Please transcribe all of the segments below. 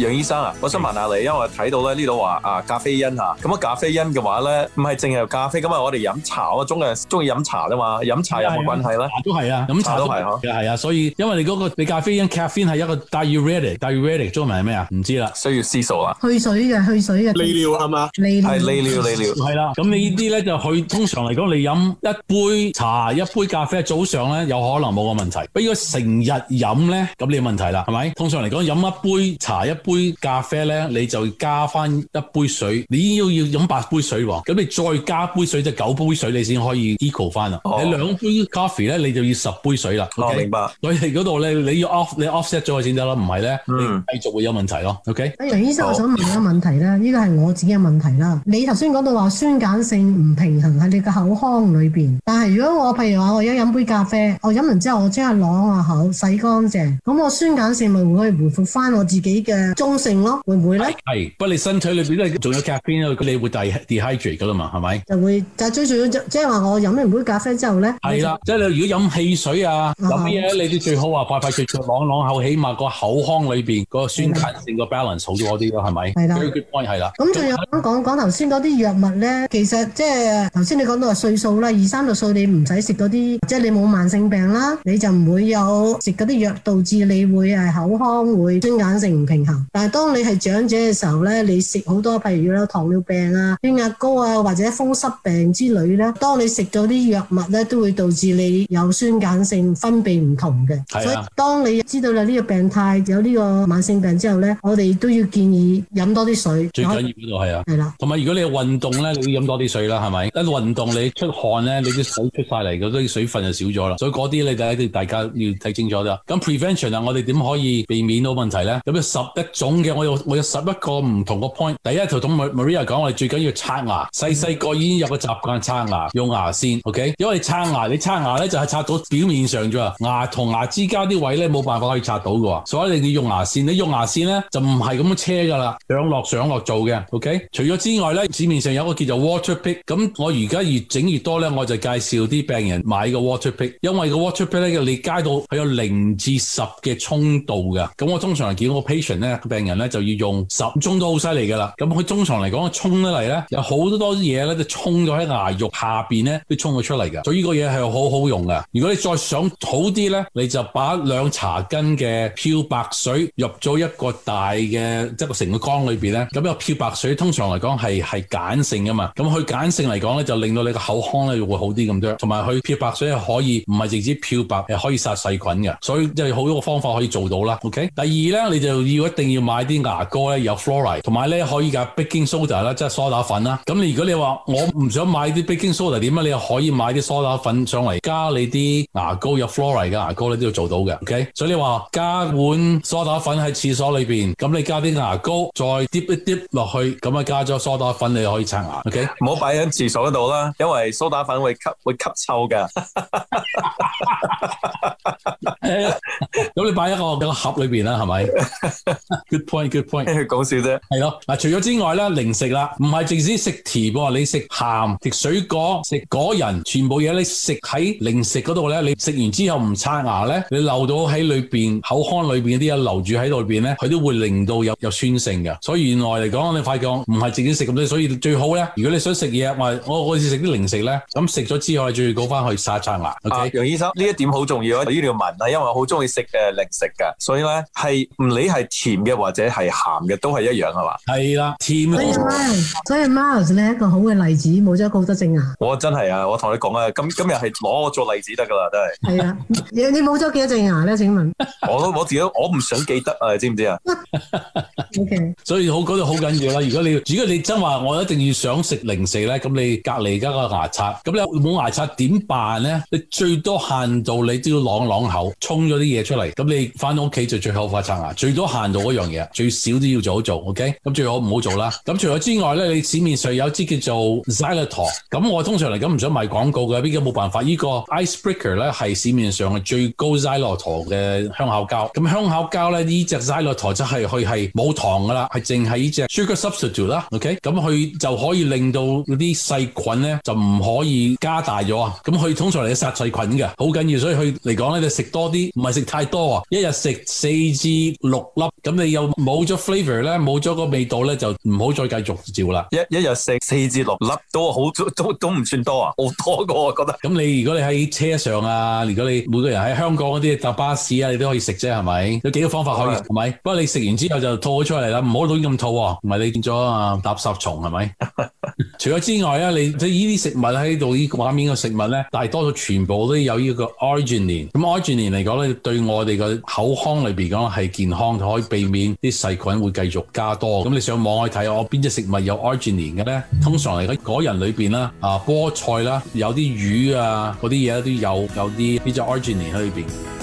楊醫生啊，我想問下你，因為睇到咧呢度話啊咖啡因啊。咁啊咖啡因嘅話咧，唔係淨係咖啡，咁啊我哋飲茶，茶，茶，茶，茶，茶，茶，茶，茶，啊。中國人中意飲茶啫嘛，飲茶有冇關係咧？都係啊，飲茶都係，又係啊，所以因為你嗰、那個你咖啡因 caffeine 係一個 diuretic，diuretic diuretic, 中文係咩啊？唔知啦，需要思索啊。去水嘅，去水嘅。利尿係嘛？利尿利尿，利尿係啦。咁你呢啲咧就去，通常嚟講你飲一杯茶、一杯咖啡早上咧有可能冇個問題，不過成日飲咧咁你有問題啦，係咪？通常嚟講飲一杯茶一。杯咖啡咧，你就加翻一杯水。你要要飲八杯水喎，咁你再加杯水就是、九杯水，你先可以 equal 翻啦。你、哦、兩杯 coffee 咧，你就要十杯水啦。哦，okay? 哦，明白。所以嗰度咧，你要 offset 你 offset 咗佢先得啦，唔係咧，繼、嗯、續會有問題咯。O K，楊醫生，我想問你個問題啦，呢個係我自己嘅問題啦。你頭先講到話酸鹼性唔平衡喺你嘅口腔裏邊，但係如果我譬如話我而家飲杯咖啡，我飲完之後我即刻攞下口洗乾淨，咁我酸鹼性咪會回復翻我自己嘅？中性咯，會唔會咧？係，不過你身體裏邊都係仲有咖啡因，你會第 dehydrate 噶啦嘛，係咪？就會，但最重要即係話我飲完杯咖啡之後咧？係啦，即係你如果飲汽水啊，飲、啊、咩嘢，你啲最好話、啊、快快脆脆嚨朗口，起碼個口腔裏邊、個酸鹼性個 balance 好咗啲咯，係咪？係啦、嗯，最 key point 係啦。咁仲有講講頭先嗰啲藥物咧，其實即係頭先你講到話歲數啦，二三十歲你唔使食嗰啲，即係你冇慢性病啦，你就唔會有食嗰啲藥導致你會係口腔會酸鹼性唔平衡。但係當你係長者嘅時候咧，你食好多，譬如啦糖尿病啊、血壓高啊，或者風濕病之類咧。當你食咗啲藥物咧，都會導致你有酸鹼性分泌唔同嘅。係啊。所以當你知道啦呢個病態有呢個慢性病之後咧，我哋都要建議飲多啲水。最緊要嗰度係啊。係啦。同埋如果你運動咧，你要飲多啲水啦，係咪？喺運動你出汗咧，你啲水出晒嚟，嗰啲水分就少咗啦。所以嗰啲你啲大家一要睇清楚啫。咁 prevention 啊，我哋點可以避免到問題咧？咁十一。總嘅我有我有十一個唔同嘅 point。第一條同 Maria 講，我哋最緊要刷牙，細細個已經有個習慣刷牙，用牙線。OK，因為你刷牙你刷牙咧就係刷到表面上咋，牙同牙之間啲位咧冇辦法可以刷到㗎，所以你要用牙線，你用牙線咧就唔係咁樣車㗎啦，上落上落做嘅。OK，除咗之外咧，市面上有個叫做 Waterpick，咁我而家越整越多咧，我就介紹啲病人買個 Waterpick，因為個 Waterpick 咧你街到佢有零至十嘅沖度嘅，咁我通常見到個 patient 咧。病人咧就要用十中都好犀利噶啦，咁佢通常嚟講，沖得嚟咧，有好多多嘢咧都沖咗喺牙肉下邊咧，都沖咗出嚟嘅。所以呢個嘢係好好用噶。如果你再想好啲咧，你就把兩茶根嘅漂白水入咗一個大嘅即係成個缸裏邊咧。咁個漂白水通常嚟講係係鹼性噶嘛，咁佢鹼性嚟講咧就令到你個口腔咧會好啲咁多，同埋佢漂白水係可以唔係直接漂白，係可以殺細菌嘅。所以即係好多方法可以做到啦。OK，第二咧，你就要一定。要買啲牙膏咧有 fluoride，同埋咧可以嘅 baking soda 啦，即係梳打粉啦。咁如果你話我唔想買啲 baking soda 點啊？你可以買啲梳打粉上嚟加你啲牙膏有 fluoride 嘅牙膏咧都要做到嘅。OK，所以你話加碗梳打粉喺廁所裏面，咁你加啲牙膏再滴一滴落去，咁啊加咗梳打粉你可以刷牙。OK，唔好擺喺廁所度啦，因為梳打粉會吸會吸臭嘅。咁 你擺喺個，個盒裏面啦，係咪？ Good point, good point，講笑啫。係咯，嗱、啊，除咗之外咧，零食啦，唔係淨止食甜喎，你食鹹、食水果、食果仁，全部嘢你食喺零食嗰度咧，你食完之後唔刷牙咧，你留到喺裏面、口腔裏面嗰啲嘢留住喺裏面咧，佢都會令到有有酸性嘅。所以原來嚟講，你發覺唔係淨止食咁多，所以最好咧，如果你想食嘢，我我好似食啲零食咧，咁食咗之後，最緊要翻去刷刷牙。啊、OK，楊醫生呢一點好重要啊，呢條文啊，因為我好中意食嘅零食㗎，所以咧係唔理係甜嘅。或者係鹹嘅都係一樣係嘛？係啦，甜。所以，所以 Miles 你係一個好嘅例子，冇咗好多隻啊。我真係啊，我同你講啊，今今日係攞我做例子得㗎啦，都係。係啊，你冇咗幾多隻牙咧？請問？ 我都我自己，我唔想記得啊，你知唔知啊？O K。 okay. 所以好，覺得好緊要啦。如果你，如果你真話，我一定要想食零食咧，咁你隔離而家個牙刷，咁咧冇牙刷點辦咧？你最多限度你都要啷啷口沖咗啲嘢出嚟，咁你翻到屋企就最後刷牙，最多限度嗰樣，最少都要做好做，OK？咁最好唔好做啦。咁除咗之外咧，你市面上有支叫做 Xylitol 咁我通常嚟講唔想賣廣告嘅，邊個冇辦法？呢個 Icebreaker 咧係市面上嘅最高 Xylitol 嘅香口膠。咁香口膠咧，呢隻 Xylitol 就係佢係冇糖噶啦，係淨係呢隻 Sugar Substitute 啦，OK？咁佢就可以令到嗰啲細菌咧就唔可以加大咗啊。咁佢通常嚟嘅殺細菌嘅，好緊要。所以佢嚟講咧，你食多啲唔係食太多啊，一日食四至六粒咁你。又冇咗 flavor 咧，冇咗個味道咧，就唔好再繼續照啦。一一日食四,四至六粒都好，都都唔算多啊，好多個我覺得。咁你如果你喺車上啊，如果你每個人喺香港嗰啲搭巴士啊，你都可以食啫，係咪？有幾個方法可以？係咪？不過你食完之後就吐咗出嚟啦，唔好亂咁吐啊，唔係你變咗啊，垃圾蟲係咪？是是 除咗之外啊，你即係呢啲食物喺度呢個畫面嘅食物咧，大多數全部都有呢個 arginine。咁 arginine 嚟講咧，對我哋嘅口腔裏邊講係健康，可以避免。啲細菌會繼續加多，咁你上網去睇下我邊隻食物有 arginine 嘅咧？通常嚟講，果仁裏邊啦，啊菠菜啦，有啲魚啊嗰啲嘢都有，有啲呢隻 arginine 喺裏邊。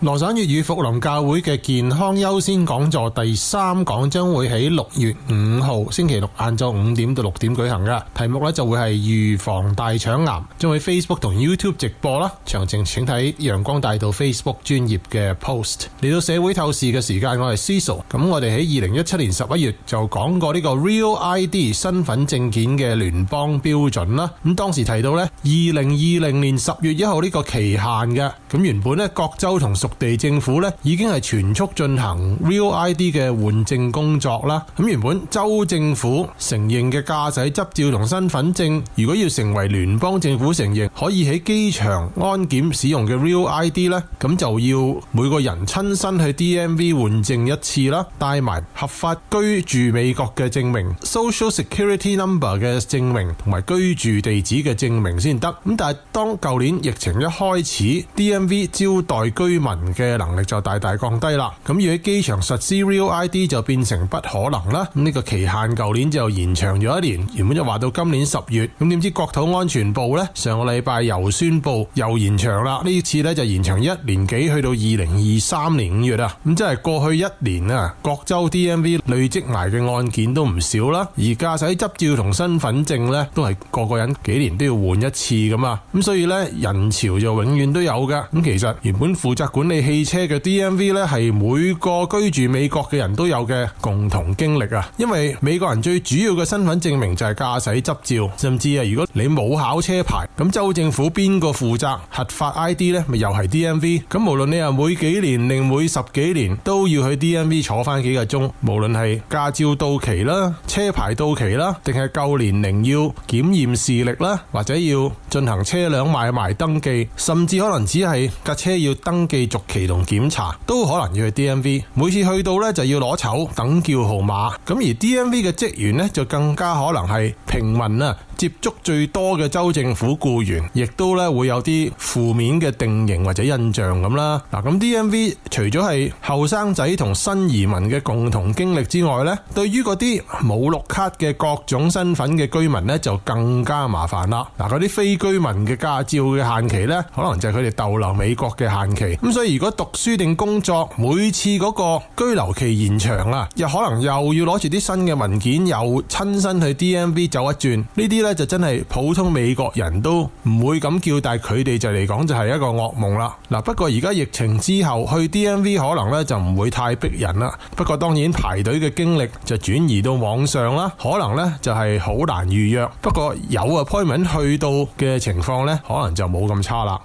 羅省粵語福隆教會嘅健康優先講座第三講將會喺六月五號星期六晏晝五點到六點舉行噶，題目咧就會係預防大腸癌，將會喺 Facebook 同 YouTube 直播啦，詳情請睇陽光大道 Facebook 專頁嘅 post。嚟到社會透視嘅時間，我係 Ciso，咁我哋喺二零一七年十一月就講過呢個 Real ID 身份證件嘅聯邦標準啦，咁當時提到呢，二零二零年十月一號呢個期限嘅，咁原本呢，各州同地政府咧已經係全速進行 Real ID 嘅換證工作啦。咁原本州政府承認嘅駕駛執照同身份證，如果要成為聯邦政府承認，可以喺機場安檢使用嘅 Real ID 咧，咁就要每個人親身去 DMV 換證一次啦，帶埋合法居住美國嘅證明、Social Security Number 嘅證明同埋居住地址嘅證明先得。咁但係當舊年疫情一開始，DMV 招待居民嘅能力就大大降低啦，咁要喺機場實施 Real ID 就變成不可能啦。咁呢個期限舊年就延長咗一年，原本就話到今年十月，咁點知國土安全部咧上個禮拜又宣布又延長啦，呢次咧就延長一年幾去到二零二三年五月啊。咁即係過去一年啊，各州 DMV 累積埋嘅案件都唔少啦，而駕駛執照同身份證咧都係個個人幾年都要換一次咁啊，咁所以咧，人潮就永遠都有嘅。咁其實原本負責管你汽車嘅 DMV 咧係每個居住美國嘅人都有嘅共同經歷啊，因為美國人最主要嘅身份證明就係駕駛執照，甚至啊，如果你冇考車牌，咁州政府邊個負責核發 ID 咧？咪又係 DMV。咁無論你係每幾年定每十幾年都要去 DMV 坐翻幾個鐘，無論係駕照到期啦、車牌到期啦，定係夠年齡要檢驗視力啦，或者要進行車輛買賣登記，甚至可能只係架車要登記。期同檢查都可能要去 DMV 每次去到咧就要攞籌等叫號碼，咁而 DMV 嘅職員呢，就更加可能係平民啊，接觸最多嘅州政府雇員，亦都咧會有啲負面嘅定型或者印象咁啦。嗱，咁 DMV 除咗係後生仔同新移民嘅共同經歷之外咧，對於嗰啲冇綠卡嘅各種身份嘅居民咧就更加麻煩啦。嗱，嗰啲非居民嘅駕照嘅限期咧，可能就係佢哋逗留美國嘅限期，咁所以。如果讀書定工作，每次嗰個居留期延長啊，又可能又要攞住啲新嘅文件，又親身去 DMV 走一轉，呢啲呢，就真係普通美國人都唔會咁叫他們，但係佢哋就嚟講就係一個噩夢啦。嗱，不過而家疫情之後去 DMV 可能呢就唔會太逼人啦。不過當然排隊嘅經歷就轉移到網上啦，可能呢就係好難預約。不過有 appointment 去到嘅情況呢，可能就冇咁差啦。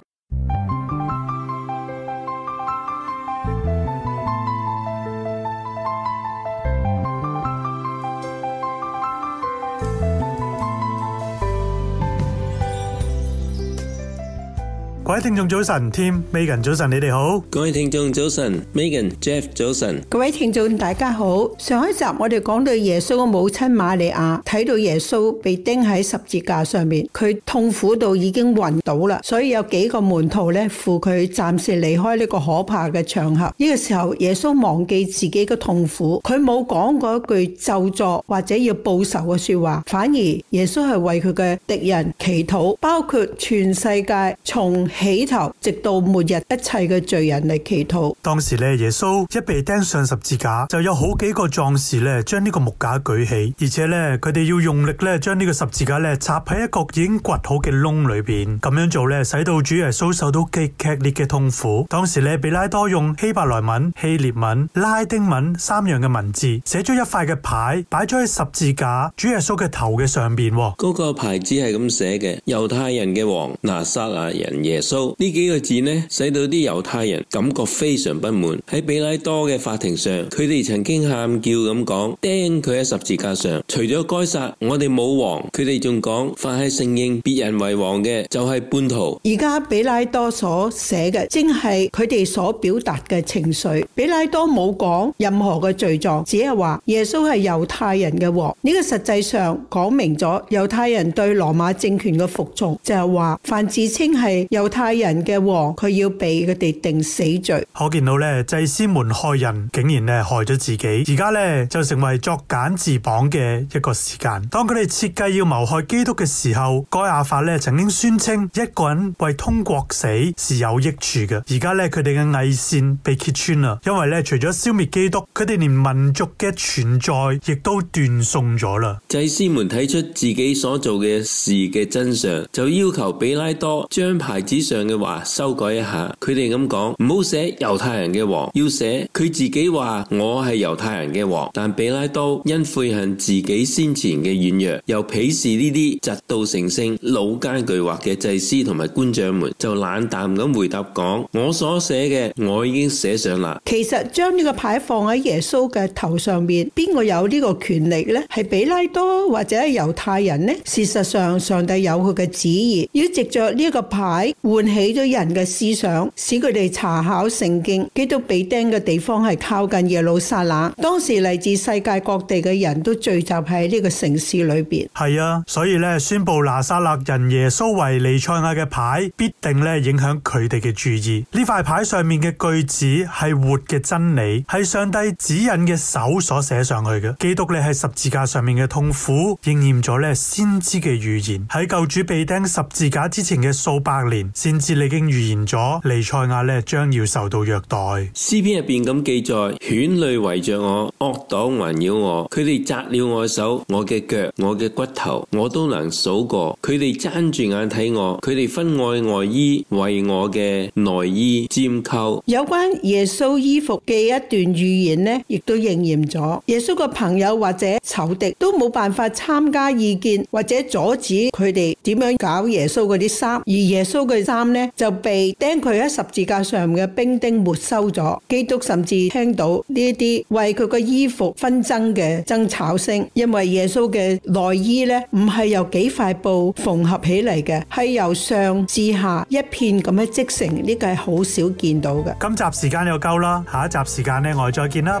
各位聽眾早晨，添 Megan 早晨，你哋好。各位聽眾早晨，Megan Jeff 早晨。各位聽眾大家好。上一集我哋講到耶穌嘅母親瑪利亞睇到耶穌被釘喺十字架上面，佢痛苦到已經暈倒啦，所以有幾個門徒咧扶佢暫時離開呢個可怕嘅場合。呢個時候耶穌忘記自己嘅痛苦，佢冇講過一句咒詛或者要報仇嘅說話，反而耶穌係為佢嘅敵人祈禱，包括全世界從起頭直到末日，一切嘅罪人嚟祈禱。當時咧，耶穌一被釘上十字架，就有好幾個壯士咧，將呢個木架舉起，而且咧，佢哋要用力咧，將呢個十字架咧插喺一個已經掘好嘅窿裏邊。咁樣做咧，使到主耶穌受到極劇烈嘅痛苦。當時咧，比拉多用希伯來文、希列文、拉丁文三樣嘅文字寫咗一塊嘅牌，擺咗喺十字架主耶穌嘅頭嘅上邊。嗰、那個牌子係咁寫嘅：猶太人嘅王拿撒勒人耶穌。呢、so, 幾個字呢，使到啲猶太人感覺非常不滿。喺比拉多嘅法庭上，佢哋曾經喊叫咁講，釘佢喺十字架上，除咗該殺，我哋冇王。佢哋仲講，凡係承認別人為王嘅，就係、是、叛徒。而家比拉多所寫嘅，正係佢哋所表達嘅情緒。比拉多冇講任何嘅罪狀，只係話耶穌係猶太人嘅王。呢、這個實際上講明咗猶太人對羅馬政權嘅服從，就係、是、話凡自稱係猶。太人嘅王，佢要俾佢哋定死罪。我見到咧，祭司們害人，竟然咧害咗自己。而家咧就成為作繭自縛嘅一個時間。當佢哋設計要謀害基督嘅時候，該亞法咧曾經宣稱一個人為通國死是有益處嘅。而家咧佢哋嘅偽善被揭穿啦，因為咧除咗消滅基督，佢哋連民族嘅存在亦都斷送咗啦。祭司們睇出自己所做嘅事嘅真相，就要求彼拉多將牌子。上嘅話修改一下，佢哋咁講，唔好寫猶太人嘅王，要寫佢自己話，我係猶太人嘅王。但比拉多因悔恨自己先前嘅軟弱，又鄙視呢啲習道成聖老奸巨猾嘅祭司同埋官長們，就冷淡咁回答講：我所寫嘅我已經寫上啦。其實將呢個牌放喺耶穌嘅頭上面，邊個有呢個權力呢？係比拉多或者係猶太人呢？事實上，上帝有佢嘅旨意，要藉着呢個牌，喚起咗人嘅思想，使佢哋查考聖經。基督被釘嘅地方係靠近耶路撒冷，當時嚟自世界各地嘅人都聚集喺呢個城市裏邊。係啊，所以咧，宣布拿撒勒人耶穌為尼賽亞嘅牌，必定咧影響佢哋嘅注意。呢塊牌上面嘅句子係活嘅真理，係上帝指引嘅手所寫上去嘅。基督咧係十字架上面嘅痛苦應驗咗咧先知嘅預言。喺救主被釘十字架之前嘅數百年。先你已經預言咗，尼賽亞咧將要受到虐待。詩篇入邊咁記載：犬類圍着我，惡黨環繞我，佢哋扎了我的手，我嘅腳，我嘅骨頭，我都能數過。佢哋睜住眼睇我，佢哋分外外衣為我嘅內衣，尖扣。有關耶穌衣服嘅一段預言呢亦都應驗咗。耶穌嘅朋友或者仇敵都冇辦法參加意見或者阻止佢哋點樣搞耶穌嗰啲衫，而耶穌嘅衫。衫咧就被釘佢喺十字架上嘅兵丁沒收咗。基督甚至聽到呢一啲為佢個衣服紛爭嘅爭吵聲，因為耶穌嘅內衣咧唔係由幾塊布縫合起嚟嘅，係由上至下一片咁樣織成。呢個係好少見到嘅。今集時間又夠啦，下一集時間咧我哋再見啦。